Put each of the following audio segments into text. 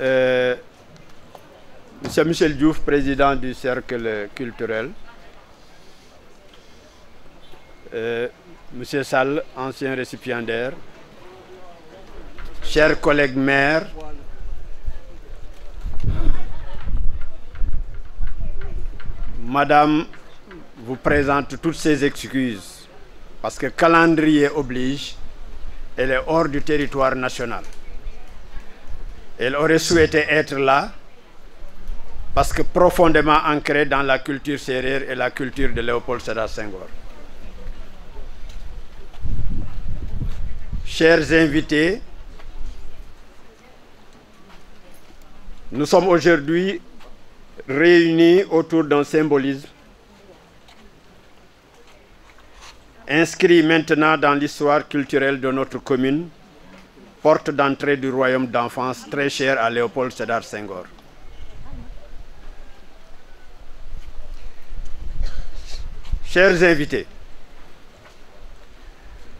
Euh, Monsieur Michel Diouf, président du Cercle culturel. Euh, Monsieur M. ancien récipiendaire. Chers collègues maires. Madame vous présente toutes ses excuses parce que calendrier oblige, elle est hors du territoire national. Elle aurait souhaité être là parce que profondément ancrée dans la culture sérère et la culture de Léopold Sédar Senghor. Chers invités, nous sommes aujourd'hui réunis autour d'un symbolisme inscrit maintenant dans l'histoire culturelle de notre commune porte d'entrée du royaume d'enfance très cher à Léopold Sédar Senghor. Chers invités,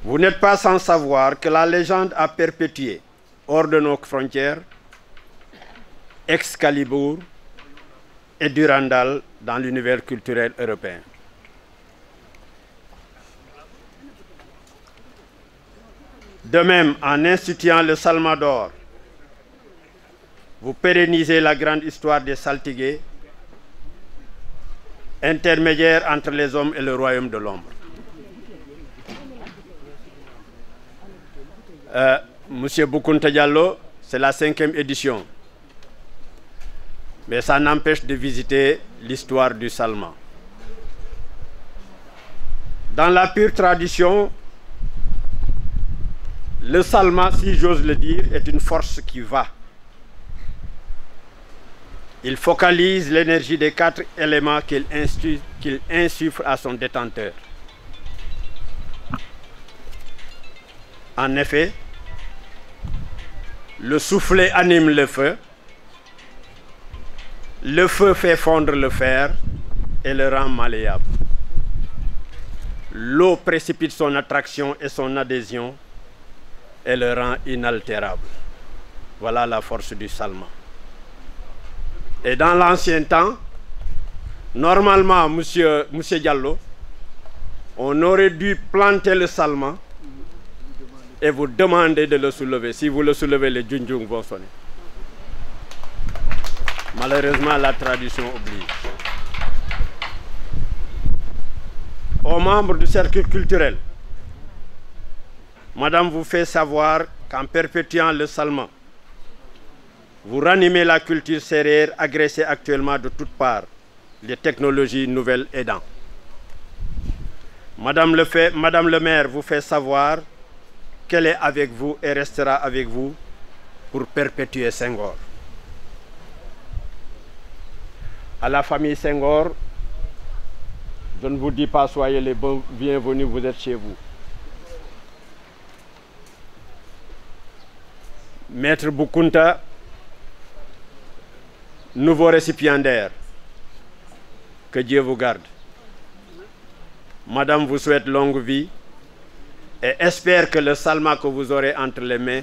vous n'êtes pas sans savoir que la légende a perpétué, hors de nos frontières, Excalibur et Durandal dans l'univers culturel européen. De même, en instituant le Salmador, vous pérennisez la grande histoire des Saltigués, intermédiaire entre les hommes et le royaume de l'ombre. Euh, Monsieur Boukounta Diallo, c'est la cinquième édition. Mais ça n'empêche de visiter l'histoire du Salma. Dans la pure tradition le Salma, si j'ose le dire, est une force qui va. Il focalise l'énergie des quatre éléments qu'il insuffle, à son détenteur. En effet, le soufflet anime le feu, le feu fait fondre le fer et le rend malléable. L'eau précipite son attraction et son adhésion et le rend inaltérable. Voilà la force du Salma. Et dans l'ancien temps, normalement, monsieur, Diallo, on aurait dû planter le Salma et vous demander de le soulever. Si vous le soulevez, les djundjung vont sonner. Malheureusement, la tradition oblige. Aux membres du cercle culturel, Madame vous fait savoir qu'en perpétuant le salement, vous ranimez la culture serrère agressée actuellement de toutes parts, les technologies nouvelles aidant. Madame le, maire vous fait savoir qu'elle est avec vous et restera avec vous pour perpétuer saint Saint-Gor. À la famille saint Saint-Gor, je ne vous dis pas soyez les bienvenus, vous êtes chez vous. Maître Bukunta, nouveau récipiendaire. Que Dieu vous garde. Madame vous souhaite longue vie et espère que le salma que vous aurez entre les mains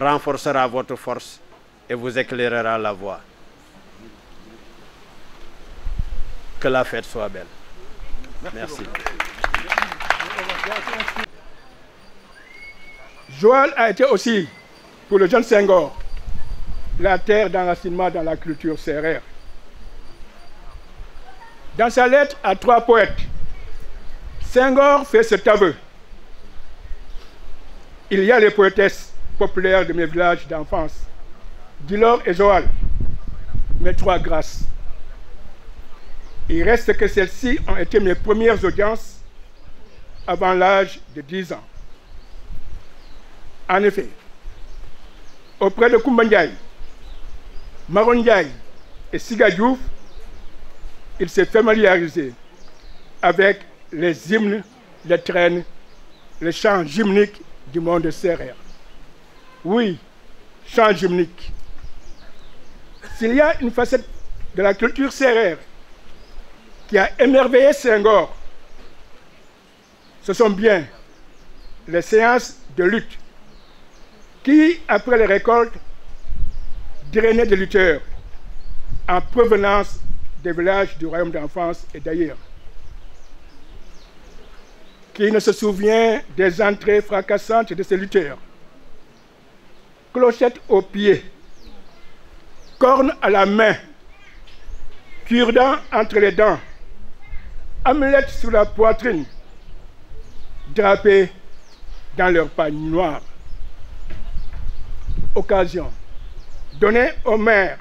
renforcera votre force et vous éclairera la voie. Que la fête soit belle. Merci. Joël a été aussi pour le jeune Senghor, la terre dans d'enracinement dans la culture serrère. Dans sa lettre à trois poètes, Senghor fait ce aveu. Il y a les poétesses populaires de mes villages d'enfance, Dilor et Joal, mes trois grâces. Il reste que celles-ci ont été mes premières audiences avant l'âge de 10 ans. En effet, auprès de Koumba Ndiaye, et Sigajouf, il s'est familiarisé avec les hymnes, les traînes, les chants gymniques du monde serré. Oui, chants gymniques. S'il y a une facette de la culture serrère qui a émerveillé Senghor, ce sont bien les séances de lutte qui, après les récoltes, drainaient des lutteurs en provenance des villages du royaume d'enfance et d'ailleurs. Qui ne se souvient des entrées fracassantes de ces lutteurs Clochettes aux pieds, cornes à la main, cure-dent entre les dents, amulettes sous la poitrine, drapées dans leur panne noire occasion donnée aux mères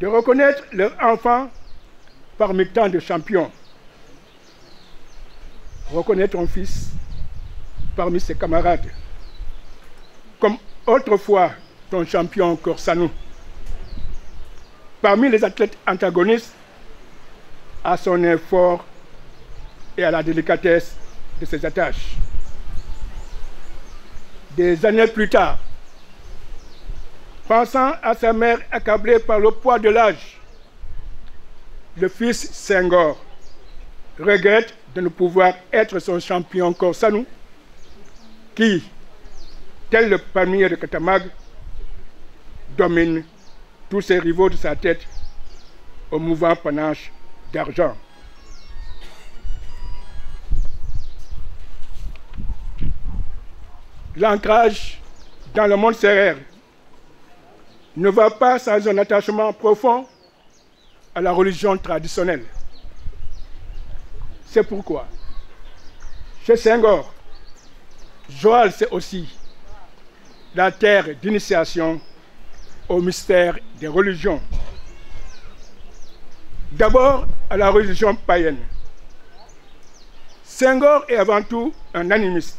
de reconnaître leurs enfants parmi tant de champions. Reconnaître ton fils parmi ses camarades, comme autrefois ton champion Corsano. Parmi les athlètes antagonistes, à son effort et à la délicatesse de ses attaches. Des années plus tard, pensant à sa mère accablée par le poids de l'âge. Le fils Senghor regrette de ne pouvoir être son champion Korsanou, qui, tel le palmier de Katamag, domine tous ses rivaux de sa tête au mouvant panache d'argent. L'ancrage dans le monde serré ne va pas sans un attachement profond à la religion traditionnelle. C'est pourquoi, chez Senghor, Joal, c'est aussi la terre d'initiation au mystère des religions. D'abord à la religion païenne. Senghor est avant tout un animiste,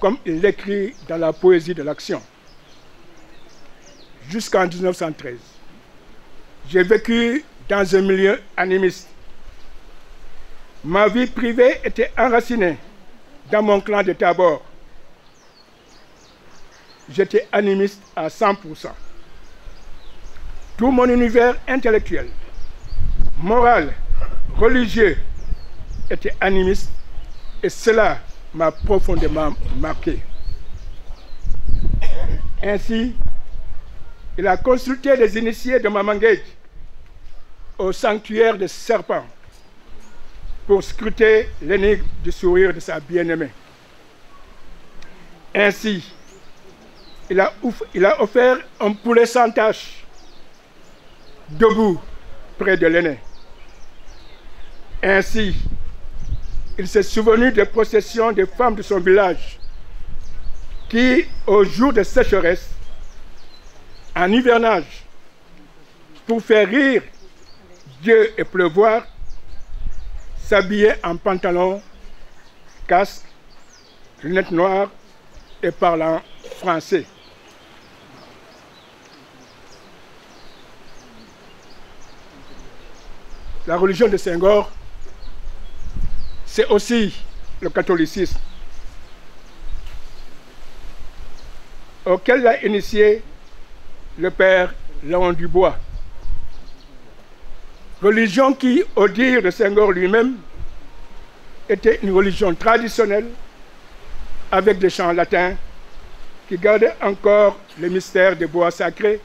comme il l'écrit dans la poésie de l'action jusqu'en 1913. J'ai vécu dans un milieu animiste. Ma vie privée était enracinée dans mon clan de Tabor. J'étais animiste à 100%. Tout mon univers intellectuel, moral, religieux était animiste et cela m'a profondément marqué. Ainsi, il a consulté les initiés de Mamangé au sanctuaire des serpents pour scruter l'énigme du sourire de sa bien-aimée. Ainsi, il a, il a, offert un poulet sans tache, debout près de l'aîné. Ainsi, il s'est souvenu des processions des femmes de son village qui, au jour de sécheresse, en hivernage, pour faire rire Dieu et pleuvoir, s'habiller en pantalon, casque, lunettes noires et parlant français. La religion de Senghor, c'est aussi le catholicisme auquel a initié le père Léon Dubois. Religion qui, au dire de Saint-Gor lui-même, était une religion traditionnelle avec des chants latins qui gardaient encore le mystère des bois sacrés,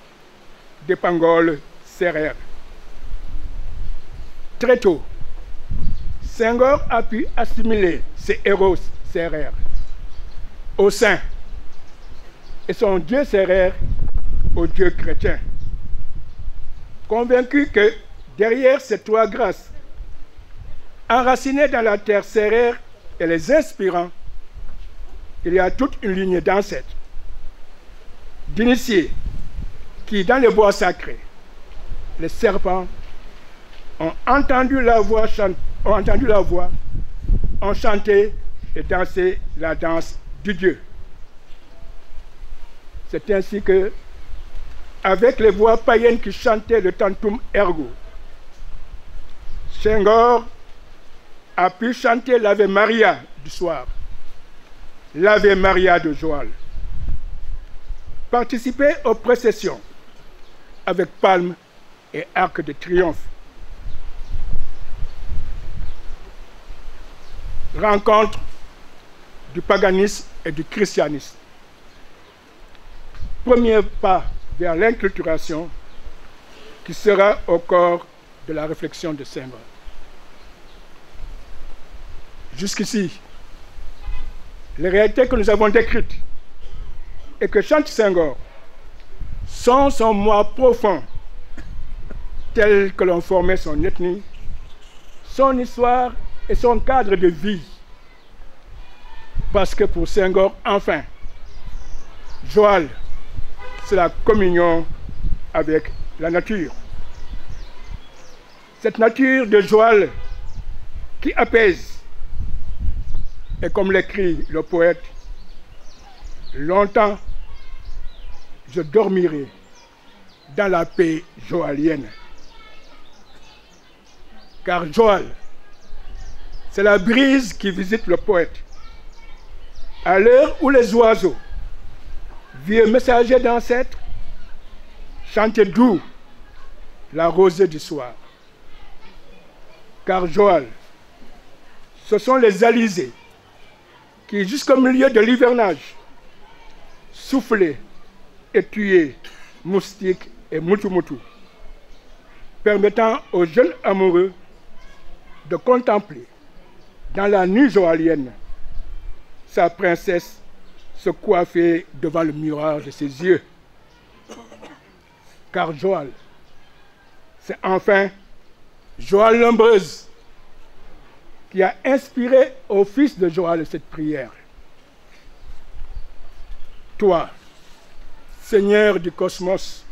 des pangoles serrères. Très tôt, Saint-Gor a pu assimiler ses héros serrères au sein et son dieu serrère au Dieu chrétien. Convaincu que derrière ces trois grâces, enracinées dans la terre serrée et les inspirant, il y a toute une ligne d'ancêtres, d'initiés, qui, dans les bois sacrés, les serpents, ont entendu la voix, ont entendu la voix, ont chanté et dansé la danse du Dieu. C'est ainsi que avec les voix païennes qui chantaient le tantum ergo. Senghor a pu chanter l'Ave Maria du soir, l'Ave Maria de Joal. Participer aux processions avec palmes et arcs de triomphe. Rencontre du paganisme et du christianisme. Premier pas vers l'inculturation qui sera au corps de la réflexion de Sèvres. Jusqu'ici, les réalités que nous avons décrites et que chante Senghor sont son moi profond, tel que l'on formait son ethnie, son histoire et son cadre de vie. Parce que pour Senghor, enfin, Joal c'est la communion avec la nature. Cette nature de joie qui apaise. Et comme l'écrit le poète, longtemps je dormirai dans la paix joalienne. Car Joal, c'est la brise qui visite le poète. À l'heure où les oiseaux vieux messager d'ancêtre chantez doux la rosée du soir. Car Joël, ce sont les alizés qui, jusqu'au milieu de l'hivernage, soufflaient et tuaient moustiques et moutou permettant aux jeunes amoureux de contempler dans la nuit joalienne sa princesse se coiffer devant le miroir de ses yeux. Car Joël, c'est enfin Joël Lombreuse qui a inspiré au fils de Joël cette prière. Toi, Seigneur du cosmos,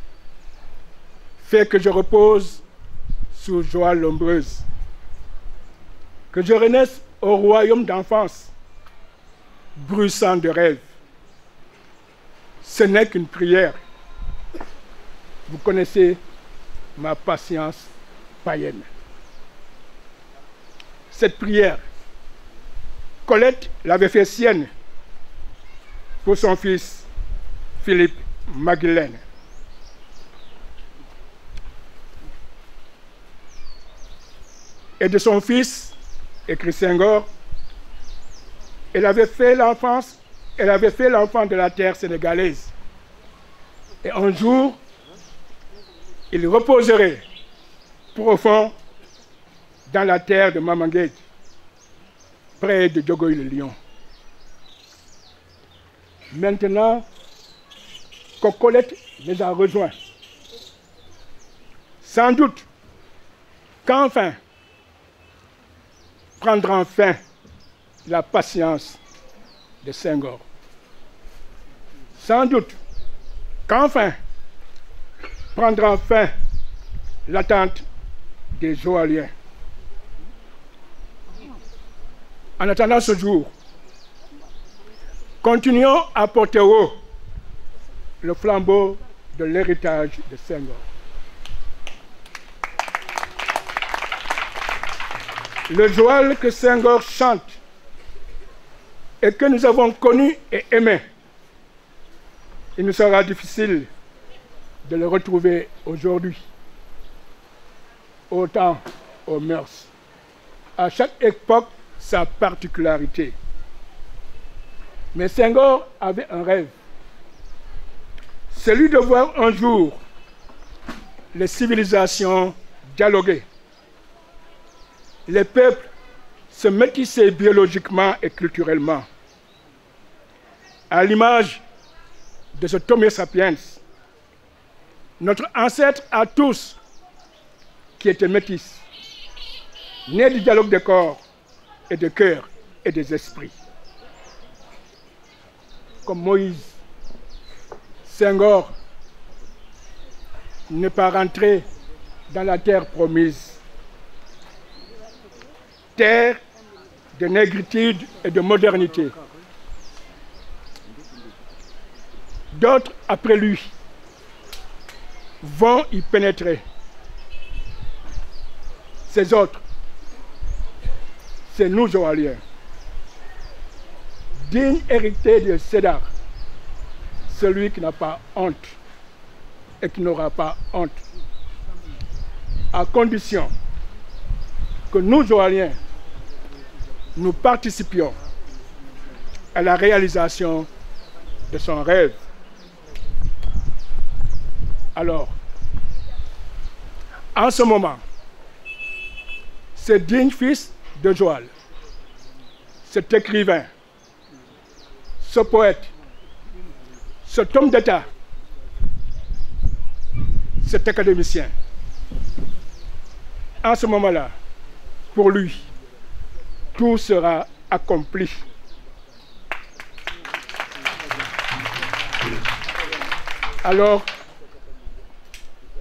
fais que je repose sur Joël Lombreuse, que je renaisse au royaume d'enfance, bruissant de rêves ce n'est qu'une prière. Vous connaissez ma patience païenne. Cette prière, Colette l'avait fait sienne pour son fils Philippe Magdeleine. Et de son fils, écrit Gore. elle avait fait l'enfance elle avait fait l'enfant de la terre sénégalaise. Et un jour, il reposerait profond dans la terre de Mamangage, près de Djogoy le lion. Maintenant, Cocolette les a rejoints. Sans doute qu'enfin prendra enfin la patience de saint sans doute qu'enfin prendra fin l'attente des Joaliens. En attendant ce jour, continuons à porter haut le flambeau de l'héritage de Senghor. Le Joël que Senghor chante et que nous avons connu et aimé il nous sera difficile de le retrouver aujourd'hui. Au aux mœurs. À chaque époque, sa particularité. Mais Senghor avait un rêve, celui de voir un jour les civilisations dialoguer, les peuples se métisser biologiquement et culturellement. À l'image de ce Homo sapiens, notre ancêtre à tous, qui était métis, né du dialogue de corps et de cœur, et des esprits. Comme Moïse, Senghor n'est pas rentré dans la terre promise. Terre de négritude et de modernité. d'autres après lui vont y pénétrer. Ces autres, c'est nous, Joaliens, dignes héritiers de Cédar, celui qui n'a pas honte et qui n'aura pas honte, à condition que nous, Joaliens, nous participions à la réalisation de son rêve. Alors, en ce moment, ce digne fils de Joël, cet écrivain, ce poète, cet homme d'État, cet académicien, en ce moment-là, pour lui, tout sera accompli. Alors,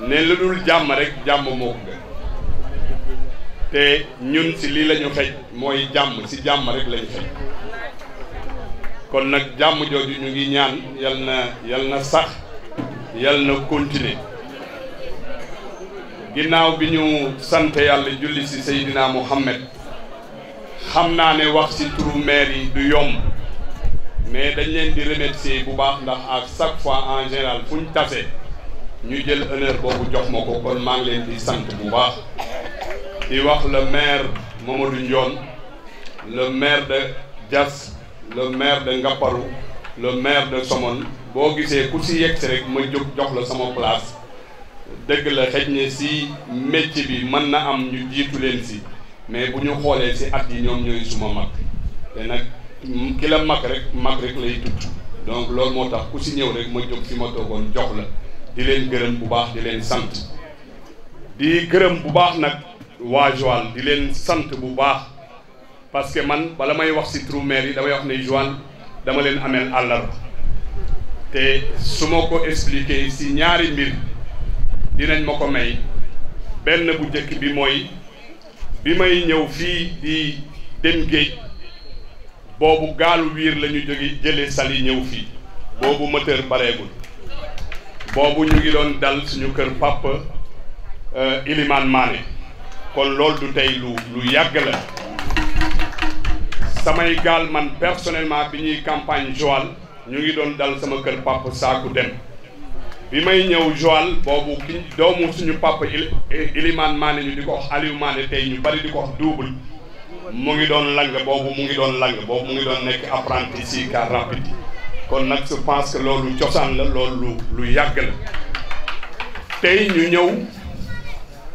ne lu dul jàmm rek jàmm moo ko te ñun si lii lañu ñu mooy jàmm ci jàmm rek la ñu kon nag jàmm jooju ñu ngi ñaan yal na yal na sax yal na continuer ginnaaw bi ñu sant yàlla julli si Seydina Muhammad xam naa ne wax si turu maire yi du yomb mais dañ leen di remercier bu baax ndax ak chaque fois en général fu ñu tasee ñu jël honneur boobu jox ma ko kon maa ngi leen di sant bu baax di wax le maire Mamadou Ndion, le maire de Diass le maire de Ngaparou le maire de Somone boo gisee ku si yegg si rek ma jóg jox la sama place deug la xejne ne si métier bi man na am ñu jitu len si mais bu ñu xoolee si at yi ñom ñoy suma mak té nak ki la mag rek mak rek lay tudd donc lool motax tax ku si ñëw rek ma jox si ma toogoon jox la di leen gërëm bu baax di leen sant di gërëm bu baax nag waa Joal di leen sant bu baax parce que man bala may wax ci trou maire yi damay wax ne Joal dama leen ameel àllarba te su ma ko expliquer ci ñaari mbir dinañ ma ko may benn bu njëkk bi mooy bi may ñëw fii di dem géej boobu gaalu wiir la ñu jóge jëlee sali ñëw fii boobu moteur bareegul boobu ñu ngi doon dal suñu kër papa Ilimane euh, Mané kon loolu du tey lu lu yàgg la samay gaal man personnellement bi ñuy campagne Joal ñu ngi doon dal sama kër papa Saaku Dem bi may ñëw Joal boobu ki doomu suñu papa Ilimane Mané ñu di ko wax Aliou tey ñu bari di ko wax double mu ngi doon lang boobu mu ngi doon lang boobu mu ngi doon nekk apprenti si car rapide kon nag je pense que loolu cosaan la loolu lu yàgg la tey ñu ñëw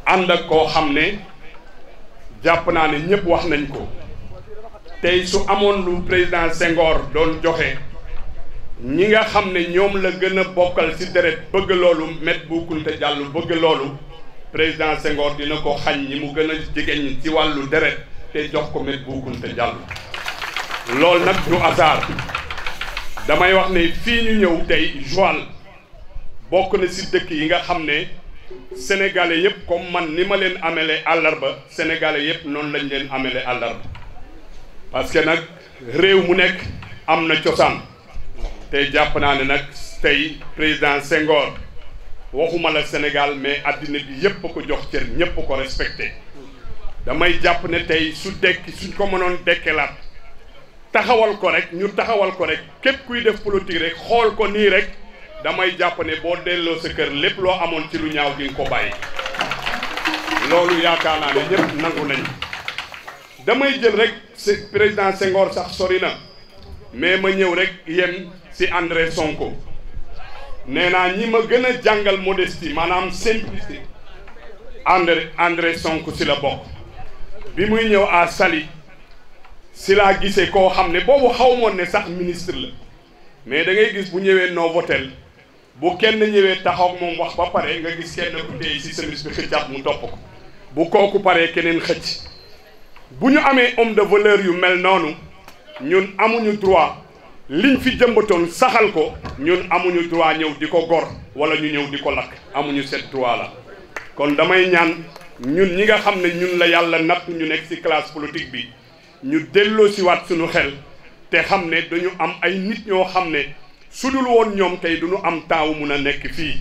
ànd ak koo xam ne jàpp naa ne ñëpp wax nañ ko tey su amoon lu président sengoor doon joxe ñi nga xam ne ñoom la gën a bokkal ci deret bëgg loolu met bu Kunta Diallo bëgg loolu président Senghor dina ko xañ ñi mu gën a jigéen ñi ci wàllu deret te jox ko met bu Kunta Diallo loolu nag du hasard damay wax ne fii ñu ñëw tey Joal bokk na ci dëkk yi nga xam ne sénégalais yëpp comme man ni ma leen amele àllarba sénégalais yëpp noonu lañ leen amele àllarba parce que nag réew mu nekk am na cosaan te jàpp naa ne nag tey président Senghor waxuma la Sénégal mais àddina bi yépp ko jox cër ñëpp ko respecté damay jàpp ne tey su dekki suñ ko mënoon dekkelaat taxawal ko rek ñu taxawal ko rek képp kuy def politique rek xool ko nii rek damay jàpp ne boo delloo sa kër lépp loo amoon ci lu ñaaw di ko bàyyi loolu yaakaar naa ne ñëpp nangu nañ damay jël rek président Senghor sax sori na mais ma ñëw rek yem si André Sonko nee naa ñi ma gën a jàngal modestie maanaam simplicité André André Sonko ci la bokk bi muy ñëw à Saly si laa gisee koo xam ne boobu xaw moon ne sax ministre la mais da ngay gis bu ñëwee noo votel bu kenn ñëwee taxaw moom wax ba pare nga gis kenn ku tey si service bi xëccaat mu topp ko bu kooku paree keneen xëcc bu ñu amee om de valeur yu mel noonu ñun amuñu droit liñ fi jëmbatoon saxal ko ñun amuñu droit ñëw di ko gor wala ñu ñëw di ko lakk amuñu set droit la kon damay ñaan ñun ñi nga xam ne ñun la yàlla natt ñu nekk si classe politique bi ñu delloosiwaat suñu xel te xam ne dañu am ay nit ñoo xam ne su dul woon ñoom tey duñu am taawu mun a nekk fii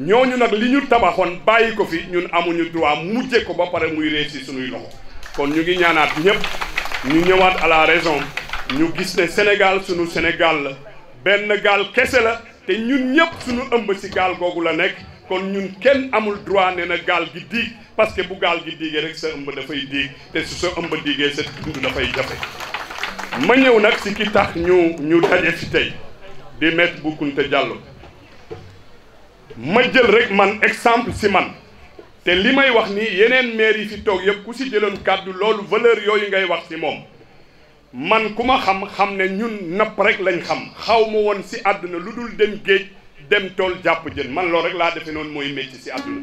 ñooñu nag li ñu tabaxoon bàyyi ko fi ñun amuñu droit mujje ko ba pare muy réer si suñuy loxo kon ñu ngi ñaanaat ñëpp ñu ñëwaat à la raison ñu gis ne Sénégal suñu Sénégal la benn gaal kese la te ñun ñëpp suñu ëmb si gaal googu la nekk kon ñun kenn amul droit ne na gaal gi diig parce que bu gaal gi diigee rek sa ëmb dafay diig te su sa ëmb diigee sa dund dafay jafe ma ñëw nag si ki tax ñu ñu daje fi tey di Maître Boucounta Diallo ma jël rek man exemple si man te li may wax ni yeneen maire yi ci toog yëpp ku si jëloon kàddu loolu valeur yooyu ngay wax si moom man ku ma xam xam ne ñun napp rek lañ xam xaw ma woon si àdduna lu dul dem géej dem tool jàpp jën man loolu rek laa defe noonu mooy métier si àdduna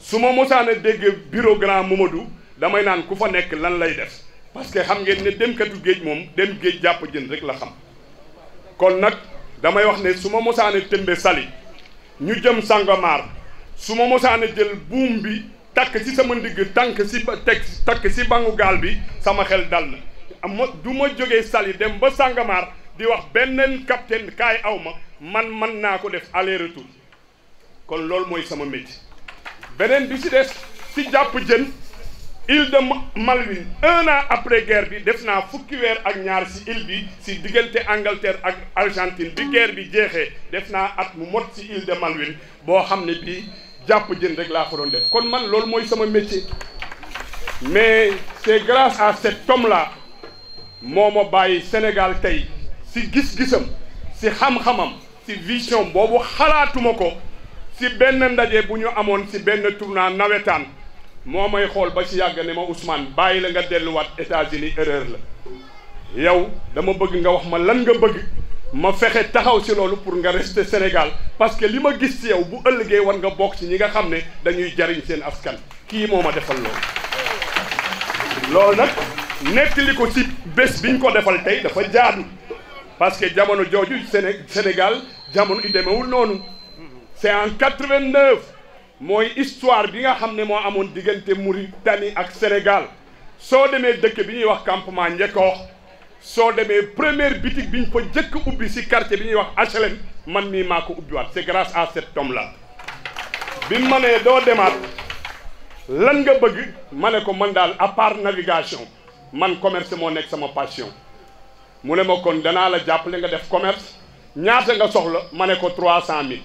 su ma mosaana dégg bureau grand Momadou damay naan ku fa nekk lan lay def parce que xam ngeen ne demkatu géej moom dem géej jàpp jën rek la xam kon nag damay wax ne su ma mosaana tëmbe sali ñu jëm Sangomar su ma mosaana jël buum bi takk ci sama ndigg tànk si teg takk si bangu gaal bi sama xel dal na am du ma jógee sali dem ba Sangomar di wax beneen capitaine kaay aw ma man man na ko def aller retour kon loolu mooy sama métier beneen bi ci des ci jàpp jën île de Malouine un an après guerre bi def naa fukki weer ak ñaar ci île bi ci diggante Angleterre ak Argentine bi guerre bi jeexee def naa at mu mot ci île de Malouine boo xam ne bii jàpp rek laa ko doon def kon man loolu mooy sama métier mais c'est grâce à cet homme-là moo ma bàyyi Sénégal tey ci gis-gisam ci xam-xamam ci vision boobu xalaatuma ko ci benn ndaje bu ñu amoon ci benn tournant nawetaan moo may xool ba ci yàgg ne ma Ousmane bàyyi la nga delluwaat États-Unis erreur la yow dama bëgg nga wax ma lan nga bëgg ma fexe taxaw ci loolu pour nga rester Sénégal parce que li ma gis ci yow bu ëllëgee war nga bokk ci ñi nga xam ne dañuy jariñ seen askan kii moo ma defal loolu loolu nag nettali ko ci bés biñ ko defal tey dafa jaadu parce que jamono jooju Sénégal jamono i demewul noonu c'est en 89 mooy histoire bi nga xam ne moo amoon diggante Mauritanie ak Sénégal soo demee dëkk bi ñuy wax campement Njekoox soo demee première boutique bi ñu fa jëkk ubbi si quartier bi ñuy wax HLM man mii maa ko ubbiwaat c'est grâce à cet homme là bi ma nee doo demaat lan nga bëgg ma ne ko man daal à part navigation man commerce moo nekk sama passion mu ne ma kon danaa la jàppale nga def commerce ñaata nga soxla ma ne ko trois cent mille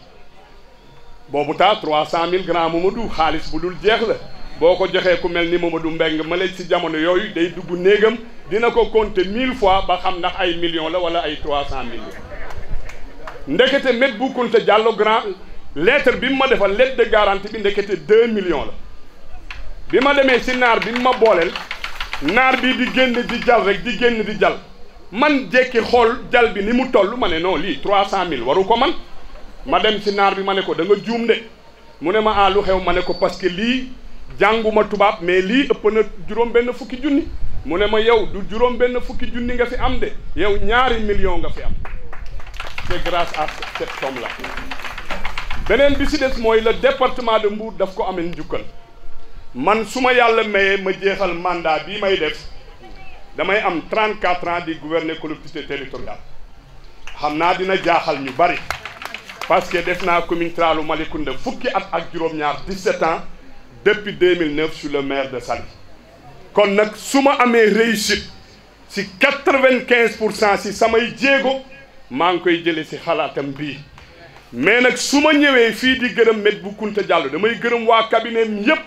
boo taa trois cent mille grand du xaalis bu dul jeex la boo ko joxee ku mel ni Mamadou Mbeng ma lay ci jamono yooyu day dugg néegam dina ko compter mille fois ba xam ay millions la wala ay trois cent mille ndekete met bu Kunta Diallo grand lettre bi ma defal lettre de garantie bi ndekete deux millions la bi ma demee ci naar bi ma booleel naar bi di génn di jal rek di génn di jal man jékki xol dal bi ni mu tollu mané non li 300000 waru ko man ma dem ci nar bi mané ko da nga joom de mune ma a ah, lu xew mané ko parce que li janguma tubab mais li ëpp na juróom benn fukki junni mune ma yow du juróom ben fukki junni nga fi am de yow ñaari million nga fi am c'est grâce à cette somme là benen bi ci dess moy le département de Mbour daf ko amee njukkal man suma yalla maye ma jéxal mandat bi may def damay am 34 ans di gouverner collectivité territoriale xam naa dina jaaxal ñu bari parce que def naa commune Traalu Malicounda fukki at ak juróom-ñaar 17 ans depuis 2009 sur le maire de Saly kon nag su ma amee réussite si 95 pour cent si samay jéego maa ngi koy jëlee si xalaatam bii mais nag su ma ñëwee fii di gërëm met bu Kunta Diallo damay gërëm waa cabinet yépp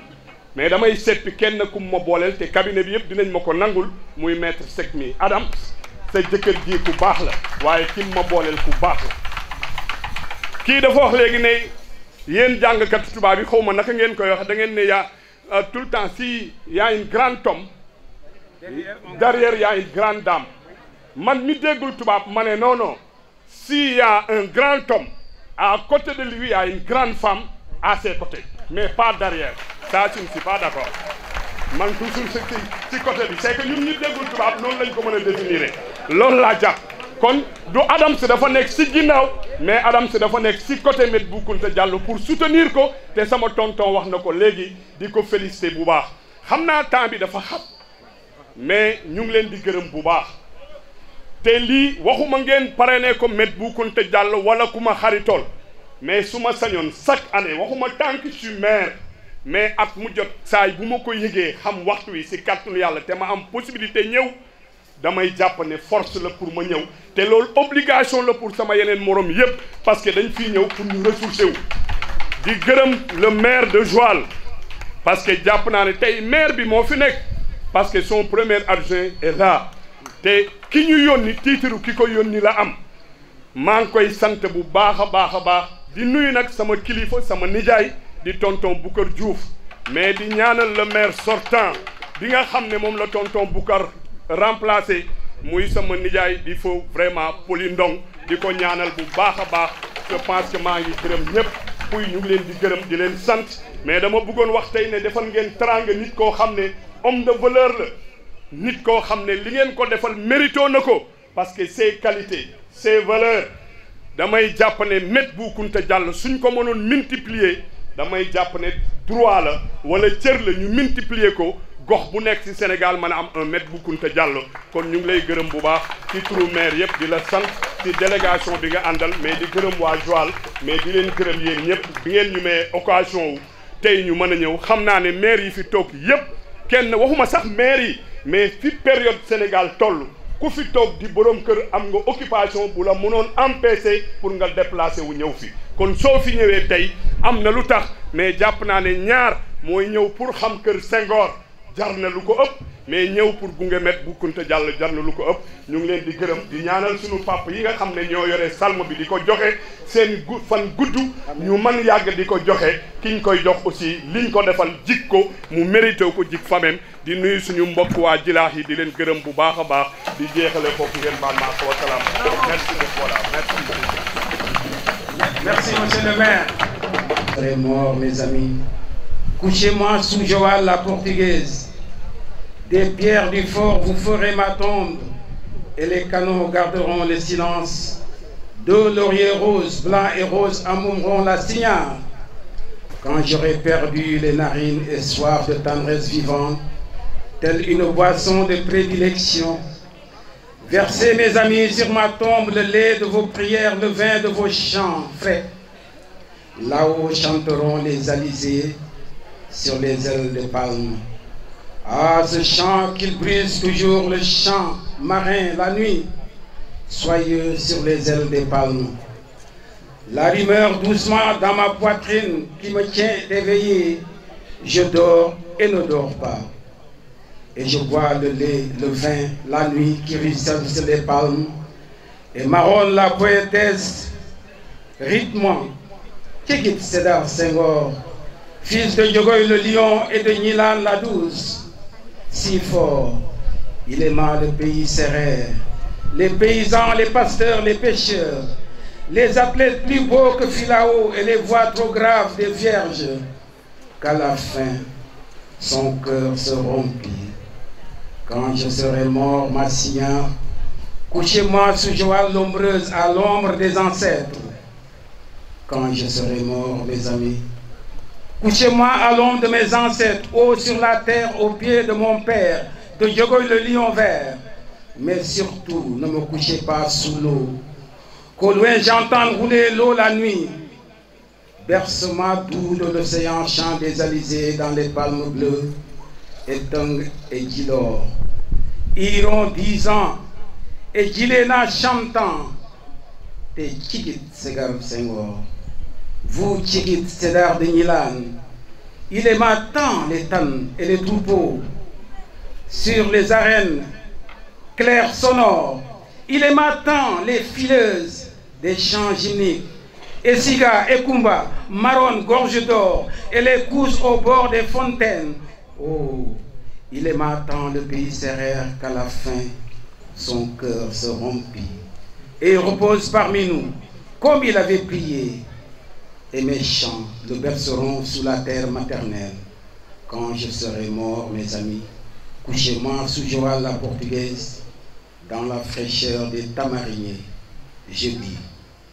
mais damay seppi kenn kum ma bolel té cabinet bi yépp dinañ mako nangul muy maître Sekmi Adam sa jëkkër ji ku baax la waye kim ma bolel ku baax la ki dafa wax légui né yeen jang kat tuba bi xawma naka ngeen koy wax da ngeen né ya euh, tout le temps si yaa une grande homme derrière yaa une grande dame man mi déggul tuba mané non non si y'a un grand homme à côté de lui y a une grande femme à ses côtés mais pas derrière ça je ne suis pas d' man toujours ci ci côté bi c'est que ñun ñu déggul tubaab non lañ ko mëna a définir loolu laa jàpp kon du adam Adams dafa nekk ci ginnaaw mais adam Adams dafa nekk ci côté Me Boucounta Diallo pour soutenir ko té sama tonton wax nako légui diko di félicité bu baax xamna naa temps bi dafa xat mais ñu ngi leen di gërëm bu baax té li waxuma ngeen parrainé ko Me Boucounta Diallo wala kuma xaritol mais suma ma chaque année waxuma tant que je suis maire mais at mu jot saay bu ma ko yëgee xam waxtu wi si kàttanu yàlla te ma am possibilité ñëw damay jàpp ne force le pour ma ñëw te loolu obligation la pour sama yeneen morom yépp parce que dañ fiy ñëw pour ñu ressourcer wu di gërëm le maire de Joal parce que jàpp naa ne tey maire bi moo fi nekk parce que son premier argent est là te ki ñu yónni titre ki ko yónni la am maa ngi koy sant bu baax a baax a baax di nuyu nag sama kilifa sama nijaay di tonton Boukar Diouf mais di ñaanal le maire sortant tonton Boukar remplacé muy sama nijaay di vraiment Poli Ndong di ñaanal bu baaxa je pense que ngi gërëm ñu ngi leen mais dama wax ne defal homme de valeur la li ngeen ko parce que qualités ses valeurs damay Japonais ne bu nous suñ ko multiplier damay jàpp ne droit la wala cër la ñu multiplier ko gox bu nekk ci Sénégal mën a am un maître Boucounta Diallo kon ñu ngi lay gërëm bu baax ci turu maire yëpp di la sant ci délégation bi nga àndal mais di gërëm waa Joal mais di leen gërëm yéen ñëpp bi ngeen ñu mais occasion wu tey ñu mën a ñëw xam naa ne maire yi fi toog yëpp kenn waxuma sax maire yi mais fi période Sénégal toll ku fi toog di borom kër am nga occupation bu la mënoon empêcher pour nga déplacer wu ñëw fi kon soo fi ñëwee tey am na lu tax mais jàpp naa ne ñaar mooy ñëw pour xam kër Senghor jar na lu ko ëpp mais ñëw pour gunge met bu Kunta jàll jar na lu ko ëpp ñu ngi leen di gërëm di ñaanal suñu papa yi nga xam ne ñoo yore salmo bi di ko joxe seen gu fan gudd ñu man yàgg di ko joxe ki koy jox aussi liñ ko defal jik ko mu meritoo ko jik famem di nuyu suñu mbokk waa jilaax yi di leen gërëm bu baax a baax di jeexale foofu ngeen baal maa ko wasalaam merci beaucoup Merci, monsieur le maire. Très mort, mes amis. Couchez-moi sous Joël la portugaise. Des pierres du fort vous ferez ma tombe, et les canons garderont le silence. Deux lauriers roses, blancs et roses amourront la signale. Quand j'aurai perdu les narines et soif de tendresse vivante, telle une boisson de prédilection, Versez, mes amis, sur ma tombe le lait de vos prières, le vin de vos chants Faites Là-haut chanteront les alizés sur les ailes des palmes Ah, ce chant qu'il brise toujours, le chant marin la nuit, soyeux sur les ailes des palmes. La rumeur doucement dans ma poitrine qui me tient éveillé, je dors et ne dors pas et je vois le lait, le vin, la nuit qui sur les palmes. Et Maron, la poétesse, que c'est Sédar Senghor, fils de Yogoy le lion et de Nilan la douce, si fort, il aima le pays serré, les paysans, les pasteurs, les pêcheurs, les athlètes plus beaux que Philao et les voix trop graves des vierges, qu'à la fin, son cœur se rompit quand je serai mort, ma Seigneur, couchez-moi sous joie l'ombreuse à l'ombre des ancêtres. Quand je serai mort, mes amis, couchez-moi à l'ombre de mes ancêtres, haut sur la terre, au pied de mon père, de Jérôme le lion vert. Mais surtout, ne me couchez pas sous l'eau. Qu'au loin j'entende rouler l'eau la nuit. Berce-moi de l'océan chant des alizés dans les palmes bleues et et dix Iron Et Gilena chantant Te Chikit Segam Sengor vous Chikit Sedar de Nilan, il est matin les tannes et les troupeaux, sur les arènes clairs sonores, il est matin les fileuses des champs gymniques, et Ekumba, Marron, Gorge d'or, et les couches au bord des fontaines, Oh, il aima tant le pays serrère qu'à la fin, son cœur se rompit. Et il repose parmi nous, comme il avait prié. Et mes chants le berceront sous la terre maternelle. Quand je serai mort, mes amis, couchez-moi sous Joal la portugaise, dans la fraîcheur des tamariniers. Je dis,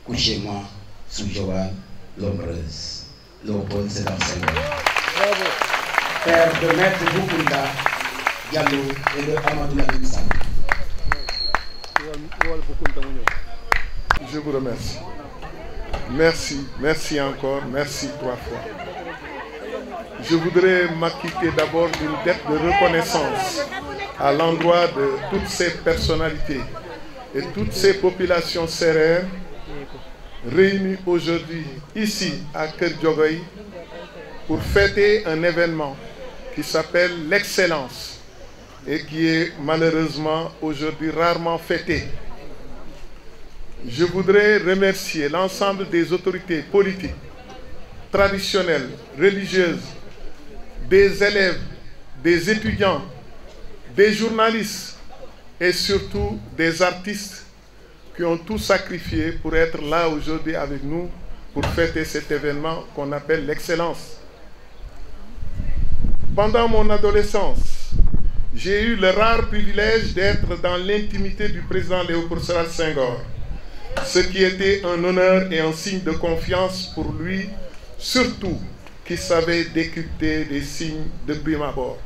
couchez-moi sous Joal l'ombreuse. dans la Seigneur père de et de Je vous remercie. Merci, merci encore, merci trois fois. Je voudrais m'acquitter d'abord d'une dette de reconnaissance à l'endroit de toutes ces personnalités et toutes ces populations serrées réunies aujourd'hui ici à Kerjogoy pour fêter un événement qui s'appelle l'excellence et qui est malheureusement aujourd'hui rarement fêtée. Je voudrais remercier l'ensemble des autorités politiques, traditionnelles, religieuses, des élèves, des étudiants, des journalistes et surtout des artistes qui ont tout sacrifié pour être là aujourd'hui avec nous pour fêter cet événement qu'on appelle l'excellence. Pendant mon adolescence, j'ai eu le rare privilège d'être dans l'intimité du président Léopold Senghor, ce qui était un honneur et un signe de confiance pour lui, surtout qu'il savait décrypter des signes de ma mort.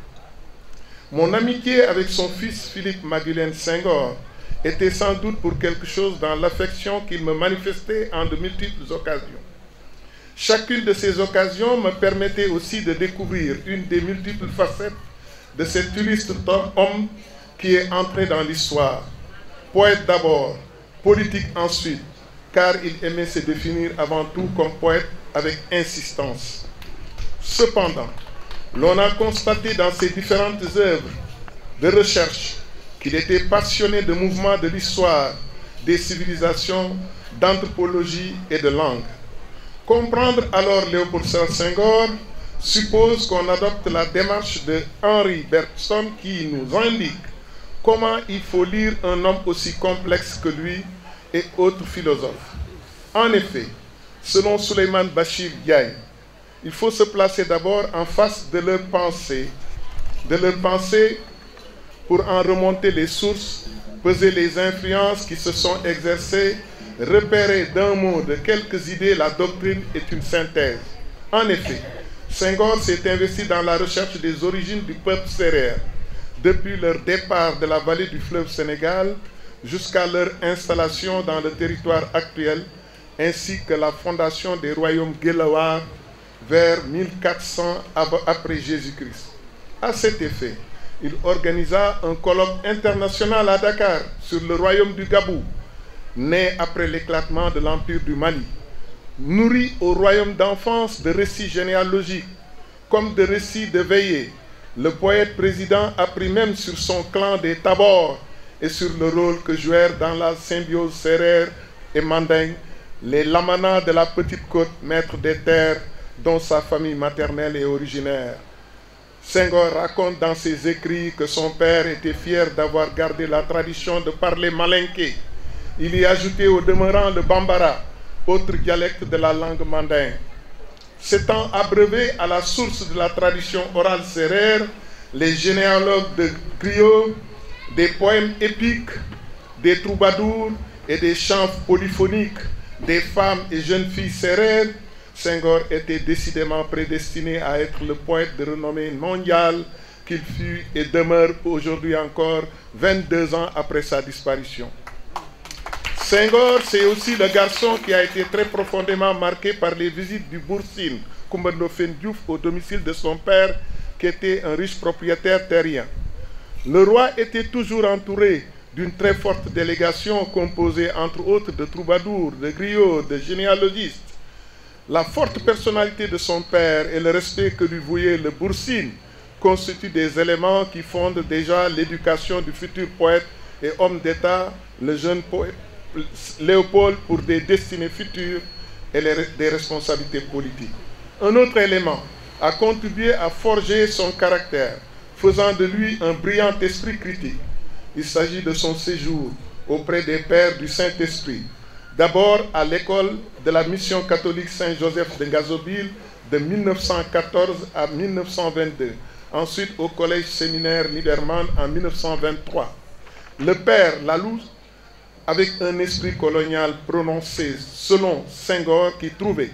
Mon amitié avec son fils Philippe Maguilène Senghor était sans doute pour quelque chose dans l'affection qu'il me manifestait en de multiples occasions. Chacune de ces occasions me permettait aussi de découvrir une des multiples facettes de cet illustre homme qui est entré dans l'histoire. Poète d'abord, politique ensuite, car il aimait se définir avant tout comme poète avec insistance. Cependant, l'on a constaté dans ses différentes œuvres de recherche qu'il était passionné de mouvements de l'histoire, des civilisations, d'anthropologie et de langue. Comprendre alors Léopold Senghor suppose qu'on adopte la démarche de Henri Bergson qui nous indique comment il faut lire un homme aussi complexe que lui et autres philosophes. En effet, selon Suleiman Bachir Diaye, il faut se placer d'abord en face de leurs pensées, de leur pensée pour en remonter les sources, peser les influences qui se sont exercées repérer d'un mot de quelques idées la doctrine est une synthèse. En effet, Senghor s'est investi dans la recherche des origines du peuple sérère, depuis leur départ de la vallée du fleuve Sénégal jusqu'à leur installation dans le territoire actuel, ainsi que la fondation des royaumes guélawars vers 1400 après Jésus-Christ. À cet effet, il organisa un colloque international à Dakar sur le royaume du Gabou, né après l'éclatement de l'Empire du Mali, nourri au royaume d'enfance de récits généalogiques comme de récits de le poète président pris même sur son clan des Tabors et sur le rôle que jouèrent dans la symbiose serrère et mandingue les Lamanas de la petite côte, maître des terres dont sa famille maternelle est originaire. Senghor raconte dans ses écrits que son père était fier d'avoir gardé la tradition de parler malinqué il y ajouté au demeurant le bambara, autre dialecte de la langue mandain. S'étant abreuvé à la source de la tradition orale sérère, les généalogues de griots, des poèmes épiques, des troubadours et des chants polyphoniques des femmes et jeunes filles sérères, Senghor était décidément prédestiné à être le poète de renommée mondiale qu'il fut et demeure aujourd'hui encore 22 ans après sa disparition. Senghor, c'est aussi le garçon qui a été très profondément marqué par les visites du Boursine, Kumbando Fendjouf, au domicile de son père, qui était un riche propriétaire terrien. Le roi était toujours entouré d'une très forte délégation composée entre autres de troubadours, de griots, de généalogistes. La forte personnalité de son père et le respect que lui vouait le Boursine constituent des éléments qui fondent déjà l'éducation du futur poète et homme d'État, le jeune poète Léopold pour des destinées futures et des responsabilités politiques. Un autre élément a contribué à forger son caractère, faisant de lui un brillant esprit critique. Il s'agit de son séjour auprès des pères du Saint-Esprit, d'abord à l'école de la mission catholique Saint-Joseph de Gazobille de 1914 à 1922, ensuite au collège séminaire niedermann en 1923. Le père Lalouse avec un esprit colonial prononcé selon Senghor qui trouvait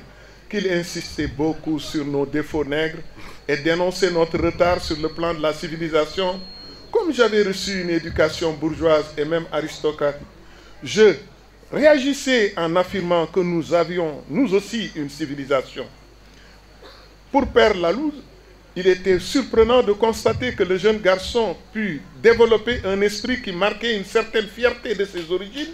qu'il insistait beaucoup sur nos défauts nègres et dénonçait notre retard sur le plan de la civilisation, comme j'avais reçu une éducation bourgeoise et même aristocrate, je réagissais en affirmant que nous avions, nous aussi, une civilisation. Pour Père Lalouse, il était surprenant de constater que le jeune garçon put développer un esprit qui marquait une certaine fierté de ses origines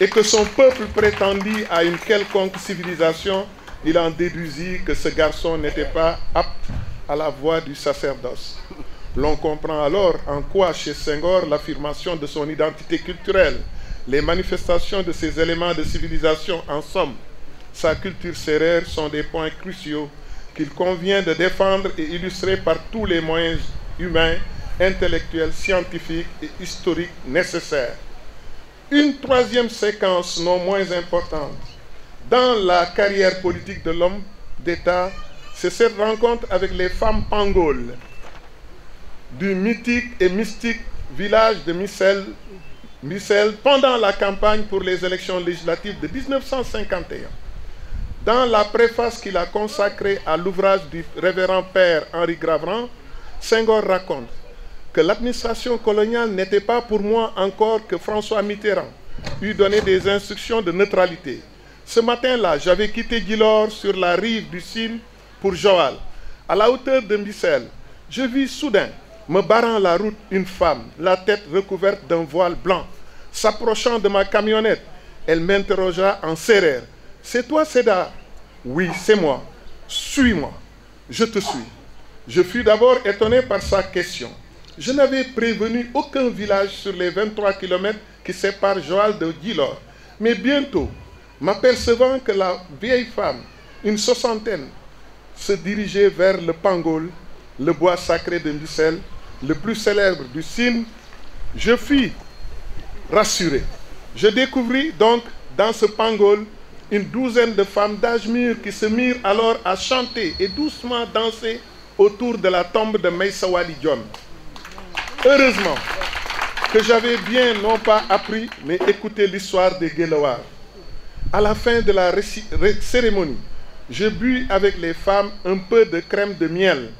et que son peuple prétendit à une quelconque civilisation. Il en déduisit que ce garçon n'était pas apte à la voie du sacerdoce. L'on comprend alors en quoi chez Senghor l'affirmation de son identité culturelle, les manifestations de ses éléments de civilisation en somme, sa culture serrère sont des points cruciaux il convient de défendre et illustrer par tous les moyens humains, intellectuels, scientifiques et historiques nécessaires. Une troisième séquence non moins importante dans la carrière politique de l'homme d'État, c'est cette rencontre avec les femmes pangoles du mythique et mystique village de Missel, Missel pendant la campagne pour les élections législatives de 1951. Dans la préface qu'il a consacrée à l'ouvrage du révérend père Henri Gravran, Senghor raconte que l'administration coloniale n'était pas pour moi encore que François Mitterrand eût donné des instructions de neutralité. Ce matin-là, j'avais quitté Gilor sur la rive du Sil pour Joal. À la hauteur de Missel, je vis soudain, me barrant la route, une femme, la tête recouverte d'un voile blanc. S'approchant de ma camionnette, elle m'interrogea en serrère. C'est toi, Cédar Oui, c'est moi. Suis-moi. Je te suis. Je fus d'abord étonné par sa question. Je n'avais prévenu aucun village sur les 23 km qui séparent Joal de Gilor. Mais bientôt, m'apercevant que la vieille femme, une soixantaine, se dirigeait vers le Pangol, le bois sacré de Michel, le plus célèbre du Sine, je fus rassuré. Je découvris donc dans ce Pangol une douzaine de femmes d'âge mûr qui se mirent alors à chanter et doucement danser autour de la tombe de Meissawali Diom. Heureusement que j'avais bien non pas appris, mais écouté l'histoire des Gelawar. À la fin de la cérémonie, je buis avec les femmes un peu de crème de miel.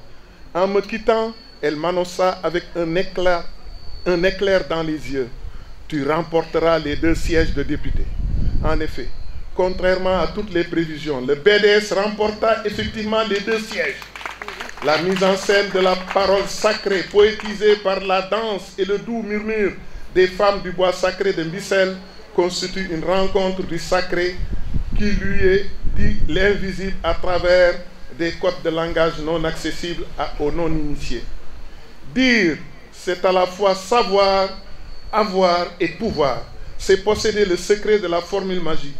En me quittant, elle m'annonça avec un éclat, un éclair dans les yeux. Tu remporteras les deux sièges de député. En effet, contrairement à toutes les prévisions, le BDS remporta effectivement les deux sièges. La mise en scène de la parole sacrée, poétisée par la danse et le doux murmure des femmes du bois sacré de Missel constitue une rencontre du sacré qui lui est dit l'invisible à travers des codes de langage non accessibles aux non-initiés. Dire, c'est à la fois savoir, avoir et pouvoir. C'est posséder le secret de la formule magique.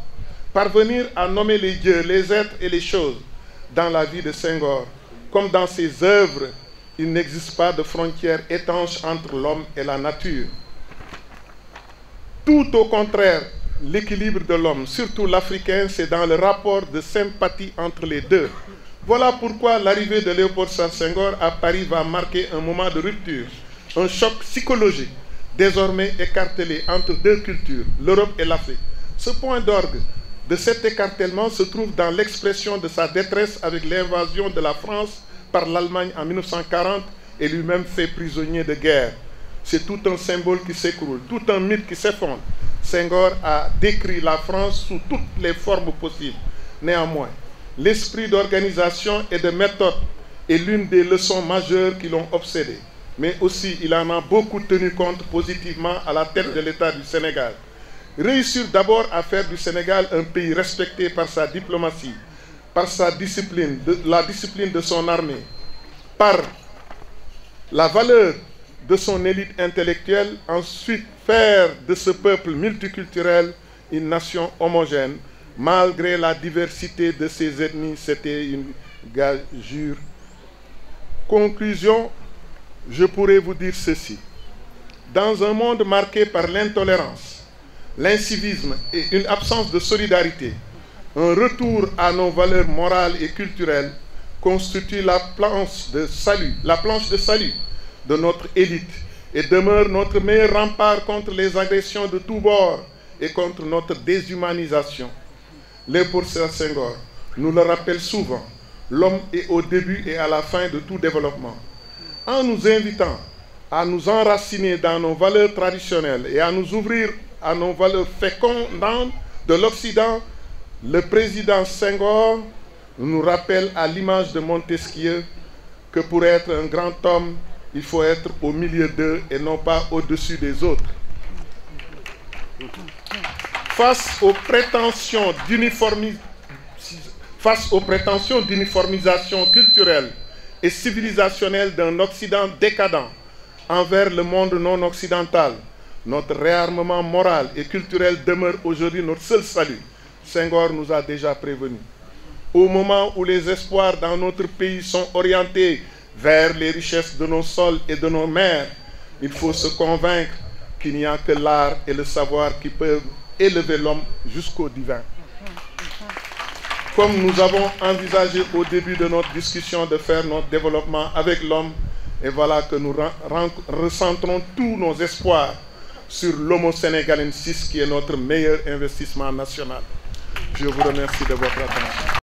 Parvenir à nommer les dieux, les êtres et les choses dans la vie de Senghor, comme dans ses œuvres, il n'existe pas de frontière étanche entre l'homme et la nature. Tout au contraire, l'équilibre de l'homme, surtout l'africain, c'est dans le rapport de sympathie entre les deux. Voilà pourquoi l'arrivée de Léopold Senghor à Paris va marquer un moment de rupture, un choc psychologique, désormais écartelé entre deux cultures, l'Europe et l'Afrique. Ce point d'orgue de cet écartèlement se trouve dans l'expression de sa détresse avec l'invasion de la France par l'Allemagne en 1940 et lui-même fait prisonnier de guerre. C'est tout un symbole qui s'écroule, tout un mythe qui s'effondre. Senghor a décrit la France sous toutes les formes possibles. Néanmoins, l'esprit d'organisation et de méthode est l'une des leçons majeures qui l'ont obsédé. Mais aussi, il en a beaucoup tenu compte positivement à la tête de l'État du Sénégal réussir d'abord à faire du Sénégal un pays respecté par sa diplomatie, par sa discipline, la discipline de son armée, par la valeur de son élite intellectuelle, ensuite faire de ce peuple multiculturel une nation homogène, malgré la diversité de ses ethnies, c'était une gageure. Conclusion, je pourrais vous dire ceci. Dans un monde marqué par l'intolérance, l'incivisme et une absence de solidarité, un retour à nos valeurs morales et culturelles constitue la planche de salut, la planche de salut de notre élite et demeure notre meilleur rempart contre les agressions de tous bords et contre notre déshumanisation. Les Léopold Senghor nous le rappelle souvent, l'homme est au début et à la fin de tout développement. En nous invitant à nous enraciner dans nos valeurs traditionnelles et à nous ouvrir à nos valeurs fécondantes de l'Occident, le président Senghor nous rappelle à l'image de Montesquieu que pour être un grand homme, il faut être au milieu d'eux et non pas au-dessus des autres. Face aux prétentions d'uniformisation culturelle et civilisationnelle d'un Occident décadent envers le monde non occidental, notre réarmement moral et culturel demeure aujourd'hui notre seul salut. Senghor nous a déjà prévenu Au moment où les espoirs dans notre pays sont orientés vers les richesses de nos sols et de nos mers, il faut se convaincre qu'il n'y a que l'art et le savoir qui peuvent élever l'homme jusqu'au divin. Comme nous avons envisagé au début de notre discussion de faire notre développement avec l'homme, et voilà que nous recentrons tous nos espoirs sur l'Homo sénégalensis qui est notre meilleur investissement national. Je vous remercie de votre attention.